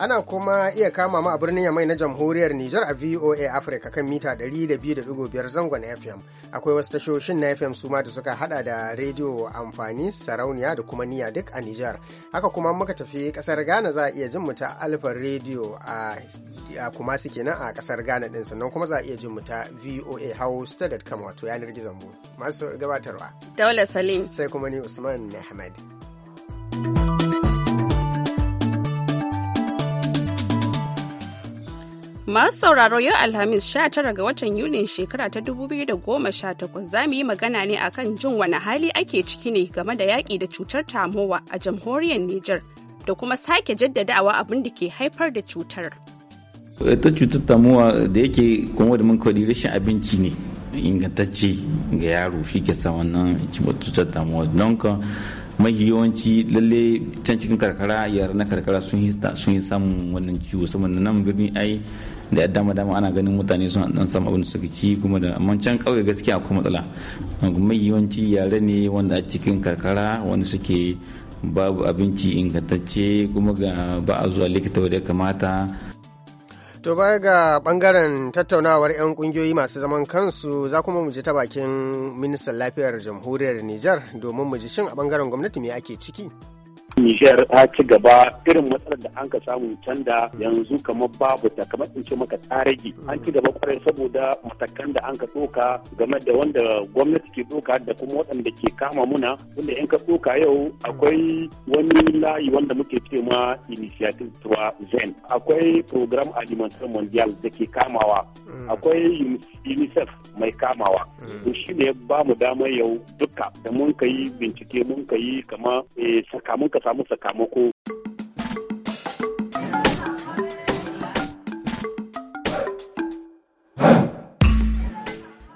Ana kuma iya kama mu a birnin Yamai na Jamhuriyar Nijar a VOA Africa kan mita 200.5 zangon FM. Akwai wasu tashoshin na FM suma da suka hada da rediyo amfani, sarauniya da kuma niya duk a Nijar. Haka kuma muka tafi kasar Ghana za a iya jin mu ta Alfa rediyo a kuma su kenan a kasar Ghana din sannan kuma za a iya jin mu ta VOA Hausa.com wato yanar gizon mu. Masu gabatarwa. Daula Salim. Sai kuma ni Usman Ahmed. Masu sauraro yau Alhamis 19 ga watan Yulin shekara ta dubu biyu da 2018 za mu yi magana ne akan jin wani hali ake ciki ne game da yaƙi da cutar tamowa a jamhuriyar Nijar da kuma sake jaddadawa abin da ke haifar da cutar. Ta cutar tamowa da yake kuma da mun kwaɗi rashin abinci ne ingantacce ga yaro shi ke sa wannan cutar tamowa don ka mahi yawanci lalle can cikin karkara yara na karkara sun yi samun wannan ciwo saboda nan birni ai da yadda dama dama ana ganin mutane sun dan samu abin suka ci kuma da amma can kauye gaskiya akwai matsala mai yawanci yare ne wanda a cikin karkara wanda suke babu abinci ingantacce kuma ga ba a zuwa likita wadda ya kamata to baya ga bangaren tattaunawar 'yan kungiyoyi masu zaman kansu za kuma mu ji ta bakin ministan lafiyar jamhuriyar nijar domin mu ji shin a bangaren gwamnati me ake ciki Nijar ta ci gaba irin matsalar da an ka samu can da yanzu kamar babu ta kamar in ce maka ta rage an ci gaba kwarai saboda matakan da an ka tsoka game da wanda gwamnati ke tsoka da kuma waɗanda ke kama muna wanda in ka tsoka yau akwai wani layi wanda muke ce ma initiative tuwa zen akwai program alimentar mondial da ke kamawa mm. akwai unicef mai kamawa mm. to shi ne ba mu dama yau duka da mun ka yi bincike mun ka yi kama eh, sakamakon samu sakamako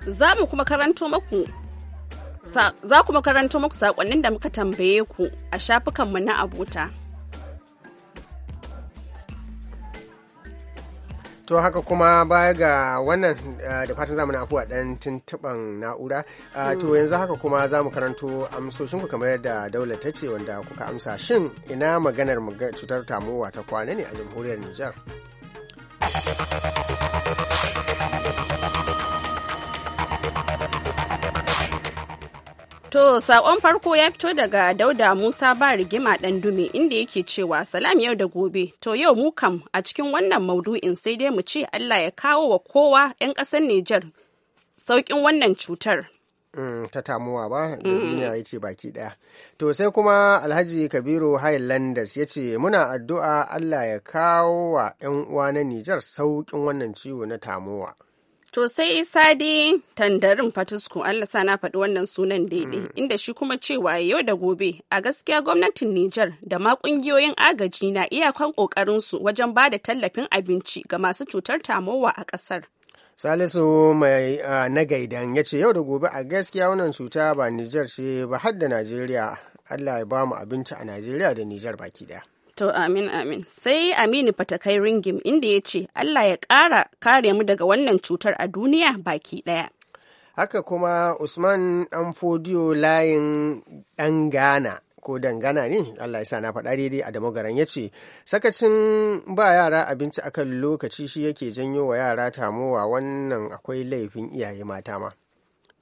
za ku kuma maku muku saƙonnin da muka tambaye ku a shafukanmu na abota. to haka kuma baya ga wannan eh, da fatan zamu na afuwa dan tuntuban na'ura eh, to hmm. yanzu haka kuma za mu karanto amsoshin ku kamar yadda daular ta ce wanda kuka amsa shin ina maganar cutar tamowa ta kwana ne a jamhuriyar Nijar. To saƙon farko ya fito daga Dauda Musa ba rigima dan dume inda yake cewa salam yau da gobe. To yau mu kam a cikin wannan maudu'in sai dai mu ce Allah ya kawo wa kowa 'yan ƙasar Nijar sauƙin wannan cutar. Mm, ta tamuwa ba duniya ya ce baki ɗaya. to sai kuma alhaji kabiru highlanders ya ce muna addu'a allah ya kawo wa 'yan uwa na nijar sauƙin wannan ciwo na tamuwa To sai dai Tandarin Fatusku Allah sa na faɗi wannan sunan daidai mm. inda shi kuma cewa yau da gobe a gaskiya gwamnatin Nijar da ma ƙungiyoyin agaji na iyakan su wajen ba da tallafin abinci ga masu cutar tamowa a ƙasar. salisu mai na gaidan ya ce yau da gobe a gaskiya wannan cuta ba nijar ce ba har da najeriya allah ya ba mu abinci a najeriya da nijar baki daya To amin amin. Sai Aminu Fatakai Ringim inda ya ce Allah ya ƙara kare mu daga wannan cutar a duniya baki ɗaya. Haka kuma Usman ɗan fodiyo layin ɗan Ghana ko dangana ne Allah ya sa na faɗa daidai a damagaran ya ce sakacin ba yara abinci akan lokaci shi yake janyo wa yara tamowa wannan akwai laifin iyaye mata ma.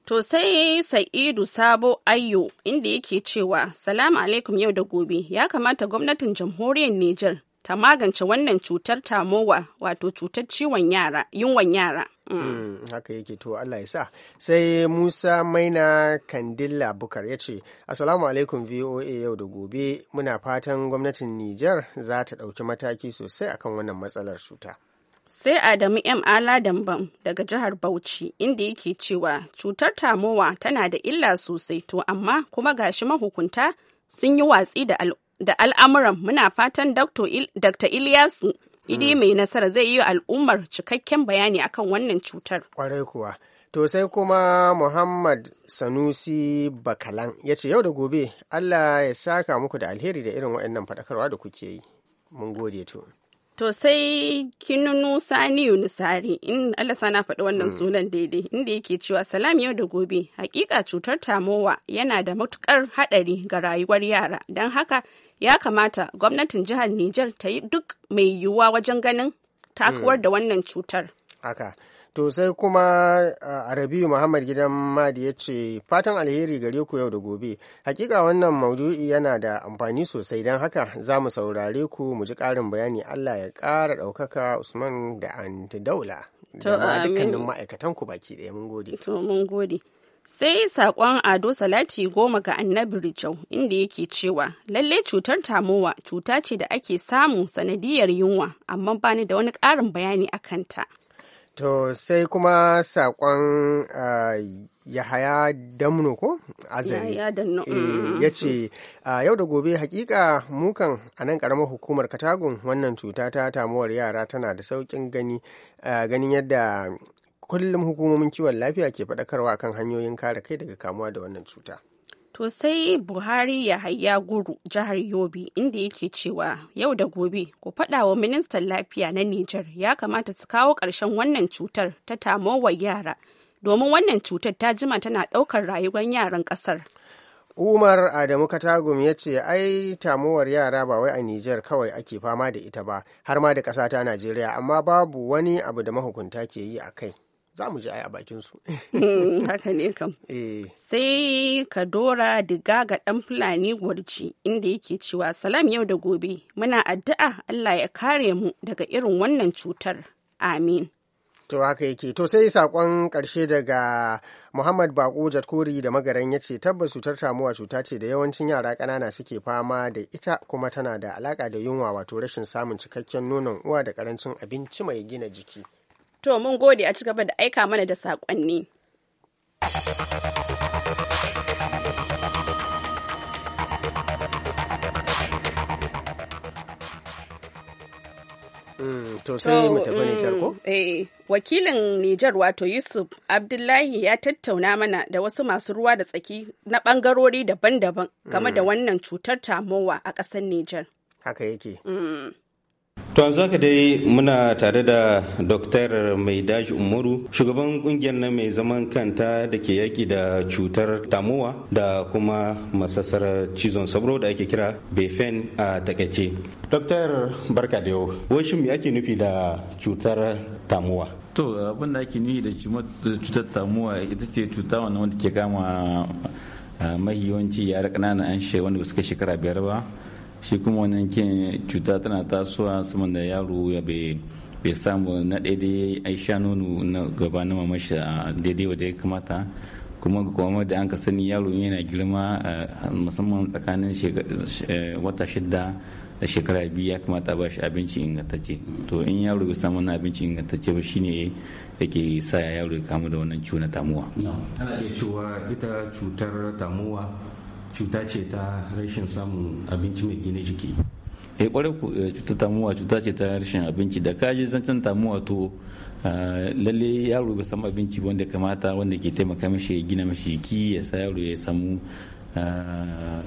To sai Sa'idu Sabo Ayyo inda yake cewa salamu alaikum yau da gobe ya kamata gwamnatin jamhuriyar Nijar ta magance wannan cutar tamowa wato cutar ciwon yara yunwan yara. Mm. Mm, haka yake to Allah ya sa sai Musa Maina Kandilla Bukar ya ce Assalamu alaikum VOA yau da gobe muna fatan gwamnatin Nijar za ta ɗauki mataki sosai akan wannan matsalar cuta. sai adamu m aladamban daga jihar bauchi inda yake cewa cutar tamowa tana da illa sosai to amma kuma gashi mahukunta sun yi watsi da al'amuran muna fatan dr ilyasu idi hmm. mai nasara zai yi al'ummar cikakken bayani akan wannan cutar kwarai kuwa To sai kuma Muhammad Sanusi Bakalan ya ce yau da gobe Allah ya saka muku da alheri da irin waɗannan faɗakarwa da kuke yi. Mun gode to. To sai Kinunu Sani Yunusari in Allah sana faɗi wannan mm. sunan daidai inda yake cewa salam yau da gobe hakika cutar tamowa yana da matukar haɗari ga rayuwar yara don haka ya kamata gwamnatin jihar Nijar ta yi duk mai yiwuwa wajen ganin takuwar mm. da wannan cutar. to sai kuma arabiyu muhammad gidan madi ya ce fatan alheri gare ku yau da gobe hakika wannan maudu'i yana da amfani sosai don haka za mu saurare ku mu ji ƙarin bayani allah ya ƙara ɗaukaka usman da anti daula da dukkanin ma'aikatan ku baki ɗaya mun gode to mun gode sai sakon ado salati goma ga annabi rijau inda yake cewa lalle cutar tamowa cuta ce da ake samu sanadiyar yunwa amma bani da wani ƙarin bayani a kanta To sai kuma saƙon uh, Yahaya Damno ko? Azari. Eh, mm. Ya ce, ah, yau da gobe hakika mukan a nan ƙaramar hukumar Katagun wannan cuta ta tamuwar yara tana da sauƙin gani eh, ganin yadda kullum hukumomin kiwon lafiya ke faɗakarwa kan hanyoyin kare kai daga kamuwa da wannan cuta. To sai Buhari ya haya guru jihar Yobe inda yake cewa yau da gobe ku faɗa wa ministan lafiya na Nijar ya kamata su kawo ƙarshen wannan cutar ta tamowar yara domin wannan cutar ta jima tana ɗaukar rayuwar yaran ƙasar. Umar Adamu Katagum ya ce ai tamowar yara ba wai a Nijar kawai ake fama da ita ba har ma da ƙasa ta Najeriya amma babu wani abu da mahukunta ke yi a kai. za mu ji ai a bakin su hmm, haka ne kam eh. sai ka dora diga ga dan fulani gwarji inda yake cewa salam yau da gobe muna addu'a Allah ya kare mu daga irin wannan cutar amin to haka yake to sai saƙon ƙarshe daga muhammad Baƙo, jatkori da magaran ya ce tabbas cutar tamuwa cuta ce da yawancin yara ƙanana suke fama da ita kuma tana da alaƙa da yunwa wato rashin samun cikakken nonon uwa da ƙarancin abinci mai gina jiki To mun gode a cigaba da aika mana da saƙonni. Mm, to sai mu tafi mm, Nijar ko? Eh, wakilin Nijar wato Yusuf Abdullahi ya tattauna mana da wasu masu ruwa da tsaki na ɓangarori daban-daban game da mm. wannan cutar tamowa a ƙasar Nijar. Haka yake. To an zaka dai muna tare da Dr. Maidaji Umaru, shugaban kungiyar na mai zaman kanta da ke yaki da cutar tamuwa da kuma masassar cizon sauro da ake kira befen a takaice. Dr. Barka da yau, washin me ake nufi da cutar tamowa? To abin da ake nufi da cutar tamowa ita ce cuta wanda ke kama ah, mahiyawanci yara ƙananan an wanda ba su kai shekara biyar ba. shi kuma wannan kin cuta tana tasowa saman da yaro ya bai samu na daidai ai sha nono na gaba na mamashi a daidai wadda ya kamata kuma kuma da an ka sani yaro yana girma eh, musamman tsakanin eh, wata shida da shekara biyu ya kamata ba shi abinci ingantacce to in yaro bai samu na abinci ingantacce ba shine yake sa yaro ya kamu da wannan ciwo na tamuwa ana iya cewa ita cutar tamuwa cuta ce ta rashin samun abinci mai gina jiki e eh, kware ku eh, cuta tamuwa cuta ce ta rashin abinci da kaji zancen tamuwa to ah, lalle yaro bai samu abinci wanda kamata wanda ke taimaka mashi ya gina mashi jiki ya sa yaro ya samu ah,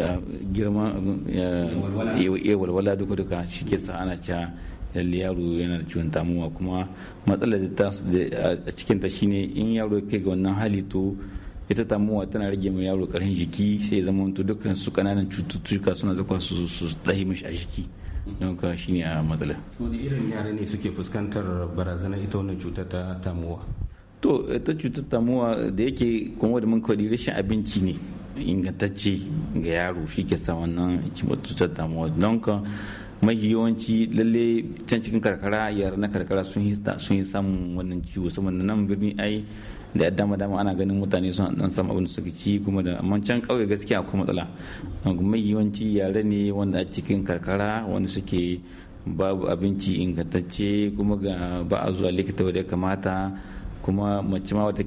ah, girma ya walwala duka duka shi ke sa ana cewa lalle yaro yana da ciwon tamuwa kuma matsalar da ta a cikin ta shine in yaro ya ga wannan hali to ita tamuwa tana rage mai yaro karhin jiki sai zama wato dukkan su kananan cututtuka suna zakwa su su dahi mishi a jiki don ka ne a matsala wani irin yare ne suke fuskantar barazana ita wannan cutar ta tamuwa to ita cutar tamuwa da yake kuma da mun kwadi rashin abinci ne ingantacce ga yaro shi ke sa wannan cutar tamuwa don ka mahi yawanci lalle can cikin karkara yara na karkara sun yi samun wannan ciwo saboda nan birni ai da ya dama dama ana ganin mutane sun dan samu abin da suka ci kuma da amma can kauye gaskiya akwai matsala kuma yawanci yare ne wanda a cikin karkara wanda suke babu abinci ingantacce kuma ga ba a zuwa likita wadda kamata kuma mace ma wata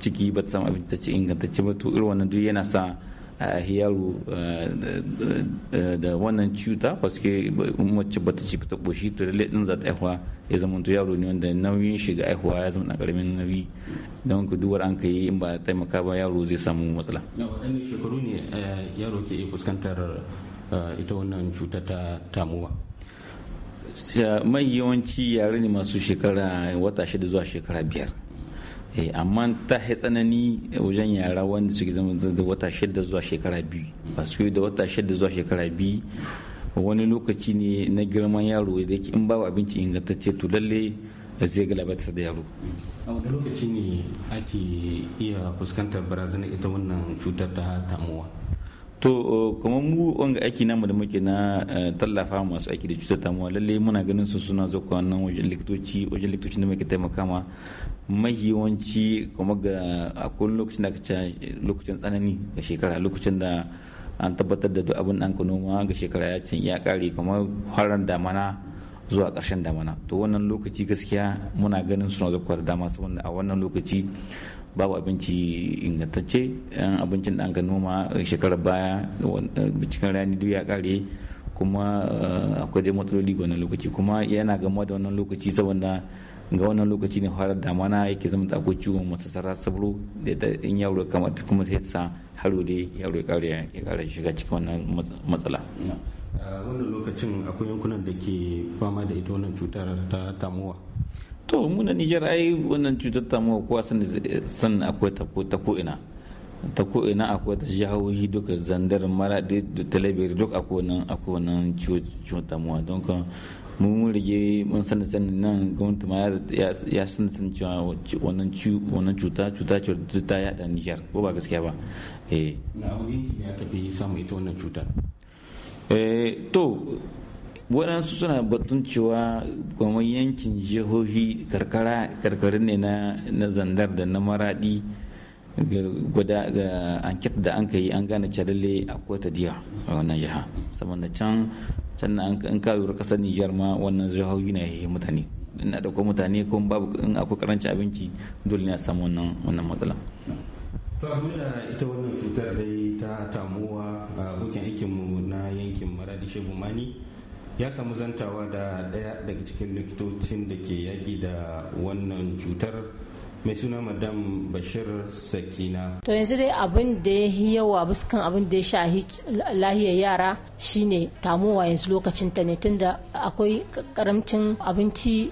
ciki ba ta samu abinci ingantacce ba to irin wannan duk yana sa a eh, eh, eh, da wannan cuta paske mace bata ci ta koshi to da din za ta aihuwa ya zama to yaro ne wanda nauyin shiga aihuwa ya zama karamin nauyi don ku duwar an kai in ba taimaka ba yaro zai samu matsala shekaru ne yaro ke fuskantar ita wannan cuta ta tamuwa mai yawanci yare ne masu shekara wata shida zuwa shekara biyar eh amma ta hai tsanani wajen yara wanda suke zama da wata shida zuwa shekara biyu ba da wata shida zuwa shekara biyu wani lokaci ne na girman yaro da yake in babu abinci ingantacce to lalle zai galabata da yaro a wani lokaci ne ake iya fuskantar barazanar ita wannan cutar ta tamuwa to eh, kuma mu wanga aiki namu da muke na eh, tallafa masu aiki da cutar damuwa lalle muna ganin su suna kwa nan wajen likitoci wajen likitoci da muke taimaka ma mahiwanci kuma ga akwai lokacin da aka lokacin tsanani ga shekara lokacin da an tabbatar da duk abin an ka noma ga shekara ya can ya kare kamar haran damana zuwa ƙarshen damana to wannan lokaci gaskiya muna ganin suna kwa da dama saboda a wannan lokaci babu abinci ingantacce yan abincin da an noma eh, shekarar baya eh, cikin rani duk ya kare kuma eh, akwai dai matsaloli ga wannan lokaci kuma yana gama da wannan lokaci saboda ga wannan lokaci ne fara damana yake zama da akwai ciwon masasara sabro da in yaro kamar kuma sai sa haro dai yaro ya kare ya kare shiga cikin wannan matsala wannan lokacin akwai yankunan da ke fama da ita wannan cutar ta tamuwa to mu na nijar ai wannan cutar ta mu kowa san akwai ta ko ta ko ina ta ko ina akwai ta jahohi duka zandar mara da talabiri duk akwai nan akwai wannan cutar mu don kan mun rige mun sani san nan gwamnati ma ya san san cewa wannan wannan cuta cuta ce ta yada nijar ko ba gaskiya ba eh na wurin ya kafi samu ita wannan cutar eh to waɗansu suna batun cewa kamar yankin jihohi karkara karkarin ne na zandar da na maraɗi guda ga ankit da an yi an gane calalle a kota diya a wannan jiha saboda can can na an kawo kasar nijar ma wannan jihohi na yi mutane ina ɗauko mutane ko babu in akwai karanci abinci dole ne a samu wannan wannan matsala to da ita wannan cutar dai ta tamuwa a bukin aikinmu na yankin maradi shegumani ya samu zantawa da daya daga cikin likitocin da ke yaƙi da wannan cutar mai suna madam bashir sakina to yanzu dai abin da ya yi yawa kan abin da ya shahi lahiyar yara shine tamowa yanzu lokacin ta ne tunda akwai karamcin abinci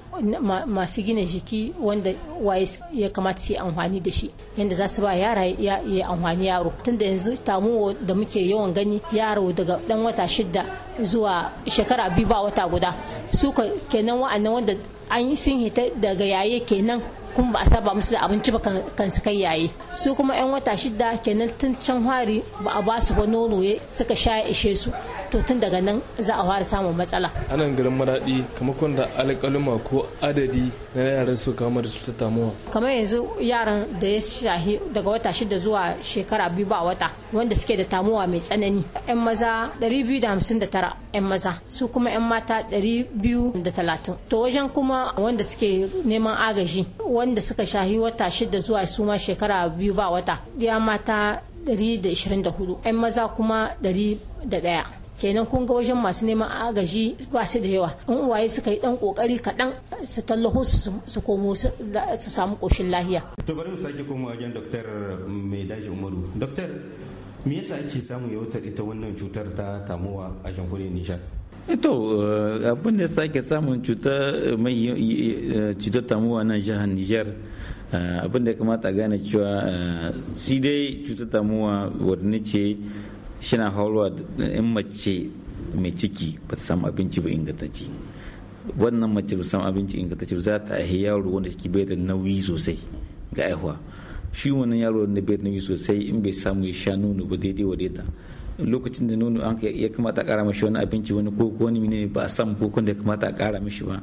masu gina jiki wanda waye ya kamata su yi amfani da shi yanda za su ba yara ya yi amfani yaro tunda yanzu tamowa da muke yawan gani yaro daga dan wata shida zuwa shekara biyu ba wata guda su kenan wa'annan wanda an sun hita daga yaye kenan kuma ba a saba musu da abinci ba kan su kai yaye su kuma yan wata shida kenan tun can hari ba a ba su ba nono ya suka sha ya ishe su to tun daga nan za a fara samun matsala anan garin maradi kamar kun da alƙaluma ko adadi na yaran su kama da su ta tamuwa kamar yanzu yaran da ya shahi daga wata shida zuwa shekara biyu ba wata wanda suke da tamuwa mai tsanani yan maza 259 yan maza su kuma yan mata 230 to wajen kuma wanda suke neman agaji wanda suka shahi wata shida zuwa su ma shekara biyu ba wata ya mata 124 'yan maza kuma 101 kenan kun ga wajen masu neman agaji ba su da yawa in uwaye suka yi dan kokari kaɗan su tallaho su komo su samu koshin lahiya to bari mu sake komawa wajen dr mai daji umaru dr me yasa ake samun yawatar ita wannan cutar ta tamuwa a jamhuriyar nijar eh to eh, abin da sake samun eh, cutar tamuwa nan jihar nijar abin da kamata gane cewa shi dai cutar tamuwa wadda ce shina da in mace mai ciki ba ta samu abinci ba ingantacce wannan mace ba samu abinci ingantacce za ta aihe yaro wanda shi bai da nauyi sosai ga aihuwa shi wannan yaro wanda bai da nauyi sosai in bai samu ya sha nono ba daidai wa daida lokacin da nono an ya kamata a kara mashi wani abinci wani koko wani ne ba a samu kokon da ya kamata a kara mashi ba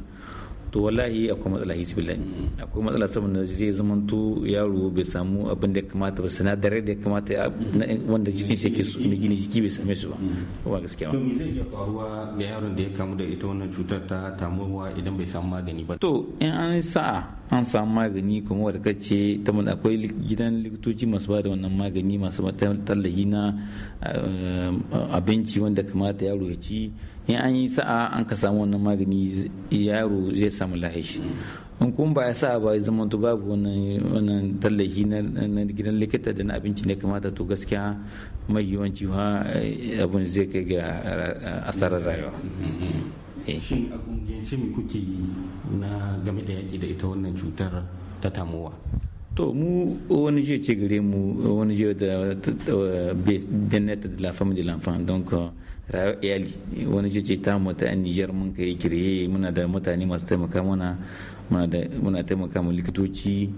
to wallahi akwai matsala hisbillahi akwai matsala saboda zai zamanto yaro bai samu abin da ya kamata ba sinadarai da ya kamata wanda cikin shi ke su mai gini jiki bai same su ba ba gaskiya ba to zai iya faruwa ga yaron da ya kamu da ita wannan cutar ta tamuwa idan bai samu magani ba to in an sa'a an samu magani kuma wadda kace ta mun akwai gidan likitoci masu ba da wannan magani masu tallahi na eh, abinci wanda kamata yaro ya ci in an yi sa'a an ka samu wannan magani yaro zai samu lahishi in kun ba ya sa ba ya zama to babu wannan tallahi na gidan likita da na abinci ne kamata to gaskiya mai yawanci eh, abin zai kai ga eh, asarar rayuwa mm-hmm. Eh. shin a gungiyance me kuke yi na game da yaki da ita wannan cutar ta tamowa to mu wani je ce gare mu wani je da benet de la femme de l'enfant donc euh, rayuwar iyali wani je ce ta mota yan nijar mun kai kirye muna da mutane masu taimaka mana muna taimaka mu likitoci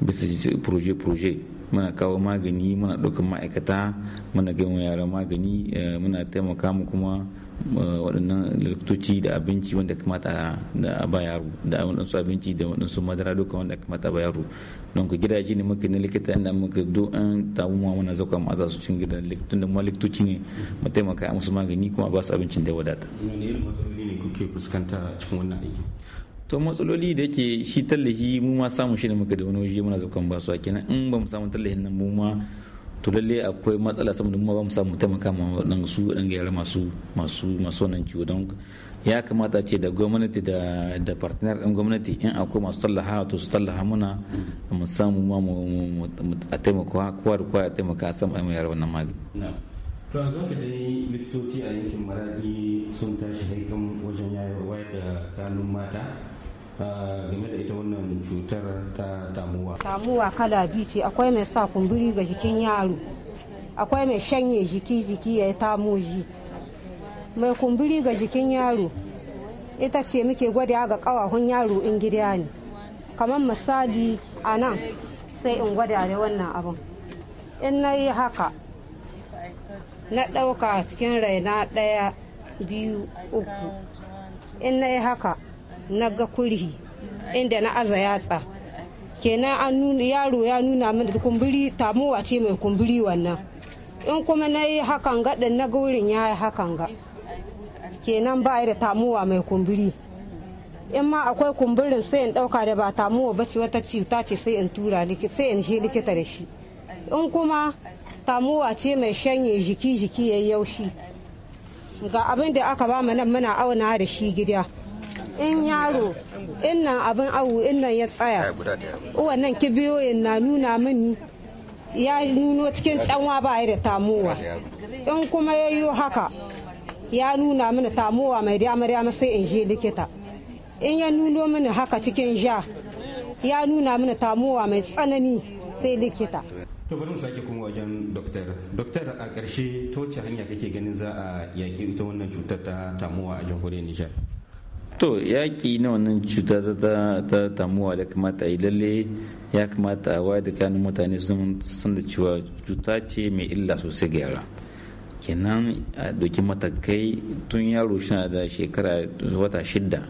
bisa proje proje muna kawo magani muna ɗaukan ma'aikata muna gama yaran magani eh, muna taimaka mu kuma Eh, waɗannan likitoci da abinci wanda kamata a ba yaro da waɗansu abinci da waɗansu madara duka wanda kamata a ba yaro don ku gidaje ne muka na likita inda muka do an tabu ma muna zakwa mu aza su cikin gidan likitun da ma likitoci ne mu taimaka musu magani kuma ba su abincin da ya wadata. Wani irin matsaloli ne kuke fuskanta cikin wannan aiki? to matsaloli da yake shi tallahi mu ma samu shi ne muka da wani waje muna zakon ba su kenan in ba mu samu tallahin nan mu ma to lalle akwai matsala saboda mu ba mu samu taimaka ma waɗannan su dan yara masu masu masu wannan ciwo don ya kamata ce da gwamnati da da partner din gwamnati in akwai masu tallaha to su tallaha muna mu samu ma mu a taimaka kowa da kowa ya taimaka a samu ayyuka wannan magani to yanzu ka dai likitoci a yankin maradi sun tashi haikan wajen wayar da kanun mata game da ita wannan cutar ta tamuwa tamuwa kala biyu ce akwai mai sa kumburi ga jikin yaro akwai mai shanye jiki jiki ya tamo ji mai kumburi ga jikin yaro ita ce muke gwada ga kawahun yaro in gida ne kamar misali a nan sai in gwada da wannan abin in na yi haka na ɗauka cikin raina ɗaya biyu uku in na yi haka na ga kurhi inda na aza yatsa kenan an nuna yaro ya nuna min da kumburi tamowa ce mai kumburi wannan in kuma na yi hakan ga ɗin na gurin ya yi hakan ga kenan ba da tamowa mai kumburi in ma akwai kumburin sai in ɗauka da ba tamowa ba ce wata cuta ce sai in tura sai in je likita da shi in kuma tamowa ce mai shanye jiki jiki ya yaushi ga abin da aka ba mu nan muna auna da shi gida in yaro in nan abin awu in nan ya tsaya wannan kibiyoyin na nuna mini ya nuno cikin tsanwa ba da tamowa in kuma ya yi haka ya nuna mini tamowa mai dama-dama sai in je likita in ya nuno mini haka cikin ja ya nuna mini tamowa mai tsanani sai likita to bari mu sake kuma wajen doktor doktor a ƙarshe ta wace hanya kake ganin za a yaƙi ita wannan cutar ta tamuwa a jamhuriyar nijar to yaƙi na wannan cuta ta tamuwa da kamata a yi lalle ya kamata a wayar da kanin mutane sun da cewa cuta ce mai illa sosai ga yara kenan a doki matakai tun yaro shi da shekara wata shidda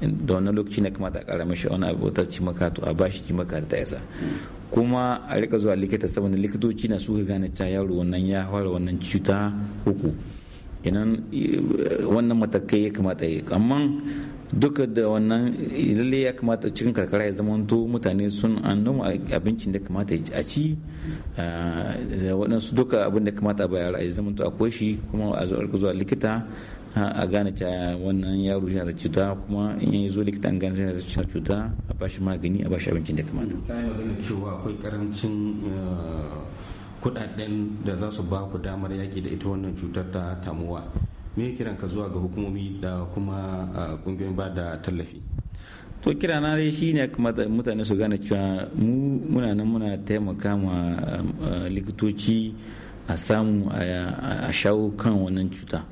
da wani lokaci na kamata a kara mashi wani abu ci maka to a bashi maka da ta yasa kuma a rika zuwa likita saboda likitoci na suka gane cewa yaro wannan ya fara wannan cuta uku inan wannan matakai ya kamata yi amma duka da wannan lalle ya kamata cikin karkara ya zama to mutane sun an noma abincin da kamata a ci waɗansu duka abin da kamata a yara ya zama to akwai shi kuma a zuwa likita a gane cewa wannan yaro yana da cuta kuma in ya zo likita an gane yana da cuta a bashi magani a bashi abincin da kamata. Ta yi cewa akwai karancin eh, kudaden da za su ba ku damar yaki da ita wannan cutar ta tamuwa me kiran ka zuwa ga hukumomi da kuma kungiyoyin ba da tallafi to kira na dai shine kamata mutane su gane cewa mu muna nan muna taimaka ma likitoci a samu a shawo kan wannan cuta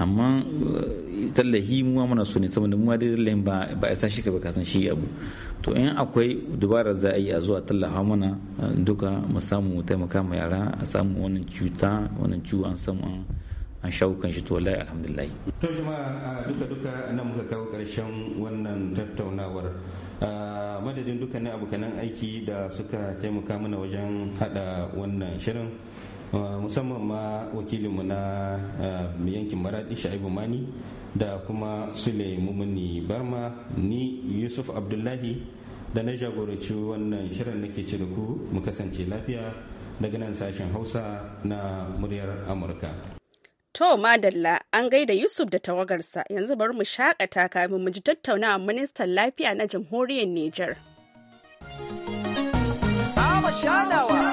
amma eh, tallahi mu muna so ne saboda mu dai lallai ba ba isa shi ka ba kasan shi abu to in akwai dubarar za a yi a zuwa tallafa mana eh, duka mu samu mu taimaka ma yara a samu wannan cuta wannan ciwo an samu an an shi to wallahi alhamdulillah to jama'a eh, duka duka nan muka kawo karshen wannan tattaunawar madadin dukkanin abokanan aiki da suka taimaka mana wajen hada wannan shirin Uh, musamman ma wakilinmu na uh, yankin maraɗi sha'ibu mani da kuma sule mumuni barma ni yusuf abdullahi da na jagoranci wannan shirin nake ke da ku mu kasance lafiya daga nan sashen hausa na muryar amurka To Madalla an gaida Yusuf da tawagarsa yanzu bari mu shakata kafin mu ji tattaunawa ministan lafiya na jamhuriyar Nijar. Ba mu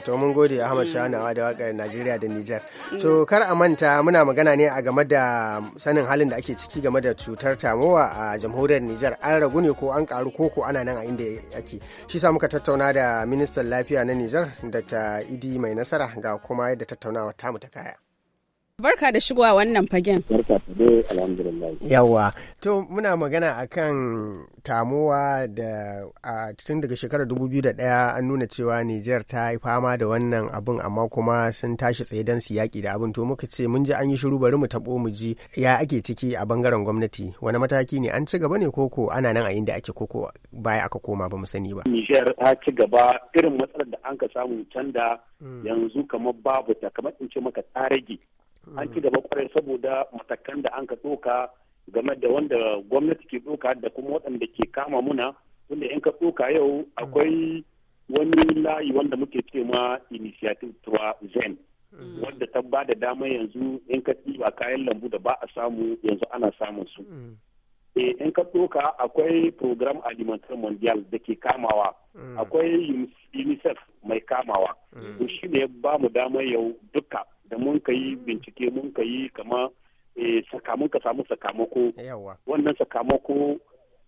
to mun gode Ahmad mm. Shanawa da wakar Najeriya da Nijar. To kar a manta muna magana ne a game da sanin halin da ake ciki game da cutar tamowa a jamhuriyar Nijar an ragu ne ko an karu ko ko ana nan a inda ake. Shi sa muka tattauna da ministan lafiya na Nijar Dr. Idi Mai Nasara ga kuma yadda tattaunawa tamu ta kaya. Barka da shigowa wannan fagen. Barka ta dai alhamdulillah. Yawwa, to muna magana akan tamuwa da a tun daga shekarar 2001 an nuna cewa Nijar ta yi fama da wannan abin amma kuma sun tashi tsaye don su yaƙi da abin to muka ce mun ji an yi shiru bari mu taɓo mu ji ya ake ciki a bangaren gwamnati wani mataki ne an ci gaba ne koko ana nan a inda ake koko baya aka koma ba mu sani ba. Nijar ta ci gaba irin matsalar da an ka samu can hmm. yanzu kamar babu ta kamar in ce maka ta rage an ci hmm. gaba kwarai saboda matakan da an ka tsoka game da wanda gwamnati ke tsoka da kuma waɗanda ke kama muna wanda in ka tsoka yau hmm. akwai wani layi wanda muke ce ma initiative tuwa zen hmm. wadda ta ba da dama yanzu in ka tsiba kayan lambu da ba a samu yanzu ana samun su eh, in ka tsoka akwai program alimentar mondial da ke kamawa akwai unicef mai kamawa to shi ne ba mu dama yau duka da mun ka yi bincike mun ka yi kama eh, sakamun ka samu sakamako wannan sakamako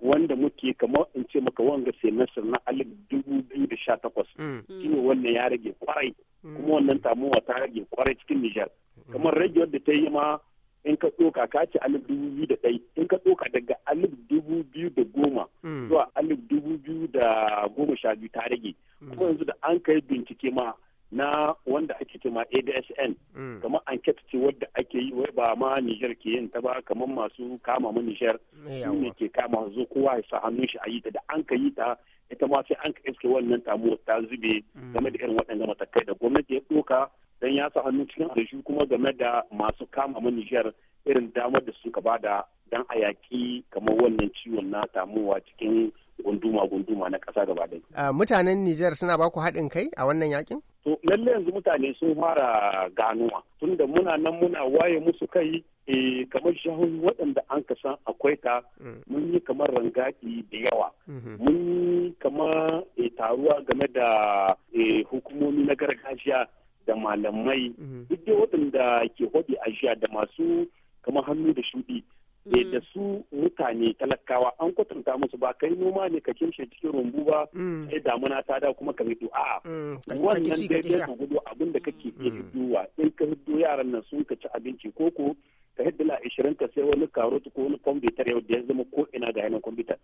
wanda muke kama in ce maka wanga semester na alif dubu biyu da sha takwas mm. mm. ne wannan ya rage kwarai mm. kuma wannan tamuwa ta rage kwarai cikin nijar kamar rage wadda ta yi ma in ka tsoka ka ce alif dubu biyu da ɗai in ka tsoka daga alif dubu biyu da goma zuwa alif dubu biyu da goma sha biyu ta rage kuma yanzu da an kai bincike ma na wanda ake cema adsn mm. kamar anket ce wadda ake yi wai ba ma nijar ke yin ta ba kamar masu kama mu nijar eh, ne ke kama zo kowa ya sa hannun shi a yi ta da an ka yi ta ita ma sai an ka iske wannan tamu ta zube mm. game da irin waɗannan matakai da gwamnati ya ɗoka dan ya sa hannun cikin aljihu kuma game da masu kama mu nijar irin damar da suka bada don a yaƙi kamar wannan ciwon na tamowa cikin gunduma-gunduma na ƙasa gaba ɗaya. Mutanen Nijar suna baku haɗin kai a wannan yaƙin? To lalle yanzu mutane sun fara ganuwa tunda muna nan muna waye musu kai e, kamar shahun waɗanda an ka san akwai ta mm. mun yi kamar rangaɗi da yawa mm-hmm. mun yi kamar eh, taruwa game da eh, hukumomi na gargajiya da malamai mm-hmm. duk da waɗanda ke hobi ajiya da masu kamar hannu da shuɗi Mm. da su mutane talakawa an kwatanta musu ba kai noma ne ka kimshe cikin rumbu ba mm. sai damuna ta da kuma ka hiddo a'a mm, wannan daidai ka gudu abinda kake iya hiddowa in ka hiddo yaran nan sun ka ci abinci ko ko ka la ishirin ka sai wani karot ko wani kwamfutar yau da ya zama ko ina ga yanan kwamfutar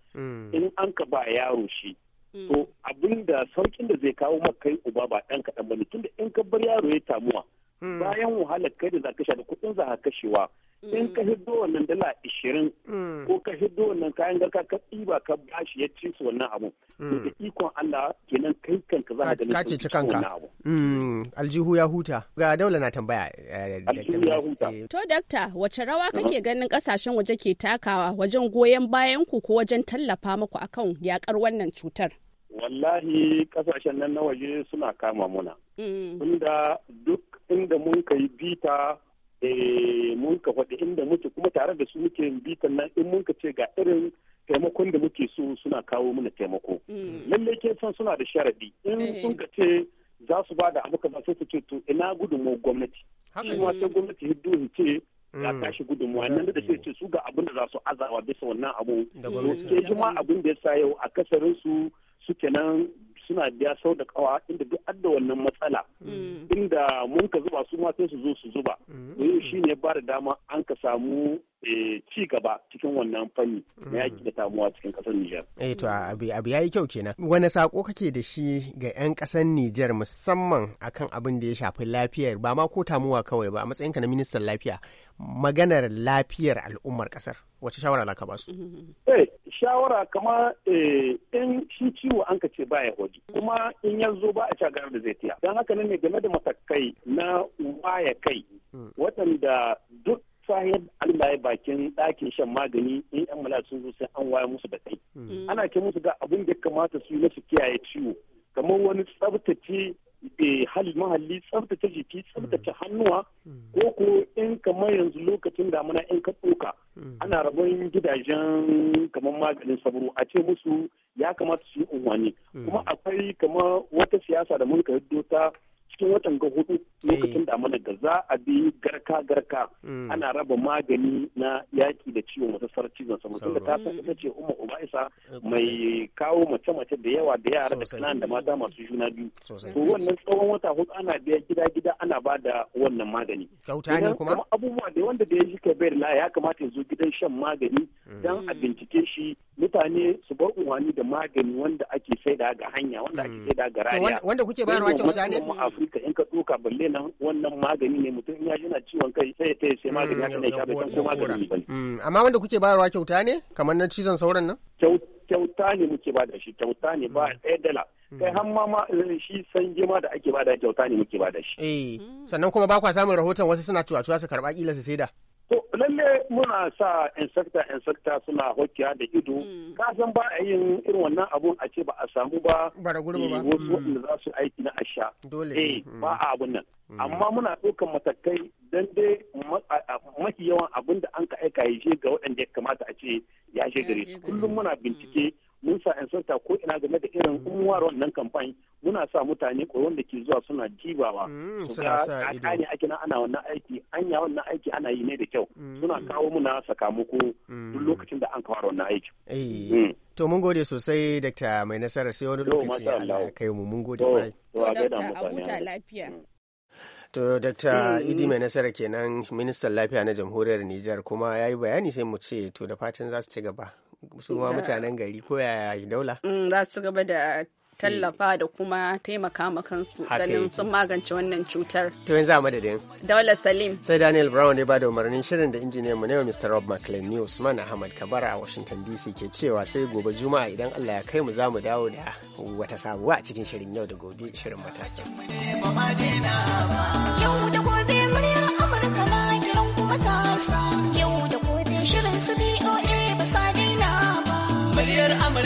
in an ka ba yaro shi to abinda saukin da zai kawo maka kai uba ba ɗan kaɗan ba ne tunda in ka bar yaro ya tamuwa bayan wahalar kai da za ka sha da kuɗin za ka kashewa in ka mm. hiddo wannan dala ishirin mm. ko ka hiddo wannan kayan garka ka ɗiba ka bashi ya ci su wannan abu mm. da ikon Allah kenan kai kanka za ka ganin su wannan abu. aljihu ya huta ga daula na tambaya eh, eh. to dakta wace rawa uh-huh. kake ganin kasashen waje ke takawa wajen goyon bayan ku ko wajen tallafa muku akan yakar wannan cutar wallahi kasashen nan na waje suna kama muna tunda duk inda mun kai bita Eh, mun ka faɗi inda muke kuma tare da su muke bitan nan in mun ka ce ga irin taimakon da muke so suna kawo mana taimako. Mm. Lalle ke san suna da sharadi in eh. sun ka ce za su ba da abu kamar sai su ce to ina gudunmu gwamnati. Shi ma sai gwamnati hiddu ce mm. ya tashi gudunmu nan da sai ce su ga abin da za su azawa bisa wannan abu. Ke jima abin da ya sa yau a kasarin su suke nan suna biya sau da kawa inda duk adda wannan matsala mm. inda mun ka zuba su ma sai su zo su zuba yau mm. shi ne ba da dama an ka samu eh, ci gaba cikin wannan fanni na mm. yaki da tamuwa cikin kasar Nijar. Eh to abu abu yayi kyau kenan. Wani sako kake da shi ga 'yan kasar Nijar musamman akan abin da ya shafi lafiyar ba ma ko tamuwa kawai ba a matsayinka na ministan lafiya maganar lafiyar al'ummar kasar wace shawara za ka ba su? Eh, shawara kama eh, in shi ciwo an ka ce baya waje kuma in ya zo ba a ci da zai tiya don haka ne game da matakai na waya kai hmm. waɗanda duk sahiyar Allah ya bakin ɗakin shan magani in yan mala sun zo sai an waya musu da kai hmm. ana ke musu ga abin da kamata su yi na su kiyaye ciwo kamar wani tsabtace Eh, hali mahalli tsabtace jiki tsabtace mm. hannuwa mm. ko ko in kamar yanzu lokacin damuna in ka tsoka mm. ana rabon gidajen kamar maganin sabro a ce musu ya kamata su yi unwani kuma akwai kamar wata siyasa da mun ka ta cikin watan ga hudu lokacin eh. damuna da za a bi garka garka mm. ana raba magani na yaki da ciwon masassarar cizon sauro tunda ta san ita ce umma ubaisa eh, mai eh. kawo mace mace da yawa da yara da kanan da mata masu juna biyu to wannan tsawon wata hudu ana biya gida gida ana ba da wannan magani kyauta ne kuma abubuwa da wanda da ya shi kai la ya kamata ya zo gidan shan magani mm. dan a bincike shi mutane su bar umarni da magani wanda ake saida ga hanya wanda ake mm. saida ga raya wanda kuke bayarwa kyauta ne duka in ka duka balle nan wannan magani ne mutum ya yana ciwon kai sai ya sai magani haka ne ya bai san ko mm, magani bane mm, amma wanda kuke bayarwa kyauta ne kamar na cizon sauran nan kyauta ne muke ba da shi kyauta ne ba mm. ɗaya dala kai har ma ma eh, shi san jima da ake ba da kyauta ne muke ba da shi eh, sannan kuma ba kwa samun rahoton wasu suna tuwa tuwa su karɓa kila su saida To lalle muna sa insecta insecta suna hokiya da ido, mm. kasan ba a yin irin wannan abun a ce ba a samu ba eh, wasu wanda za su aiki na asha. Dole. Eh, mm. ba a abun nan. Mm. Amma muna ɗaukan matakai don dai mafi yawan abun da an ka aika ya ga waɗanda ya kamata a ce ya je Kullum muna bincike. mun sa yan santa ko ina game da irin mm. unwar wannan kamfani muna sa mutane koyon da ke zuwa suna jibawa mm, ga ne ake nan ana wannan aiki anya wannan aiki ana yi ne da kyau mm. suna kawo muna sakamako duk lokacin da an kawo wannan aiki eh. to mun gode sosai dr mai nasara sai wani lokaci Allah ya kai mu mun gode mai to mutane lafiya To, Dr. Idi mai nasara kenan ministan lafiya na jamhuriyar Nijar kuma ya yi bayani sai mu ce to da fatan za su ci gaba su mutanen gari ko yaya daula mm, za su gaba da tallafa da kuma taimaka ma kansu ganin sun magance wannan cutar. To yanzu a madadin. Daula Salim. Sai Daniel Brown ne ba da umarnin shirin da injiniyan mu ne Mr. Rob McLean ni Usman Ahmad Kabara a Washington DC ke cewa sai gobe Juma'a idan Allah ya kai mu za mu dawo da wata sabuwa a cikin shirin yau da gobe shirin matasa. Yau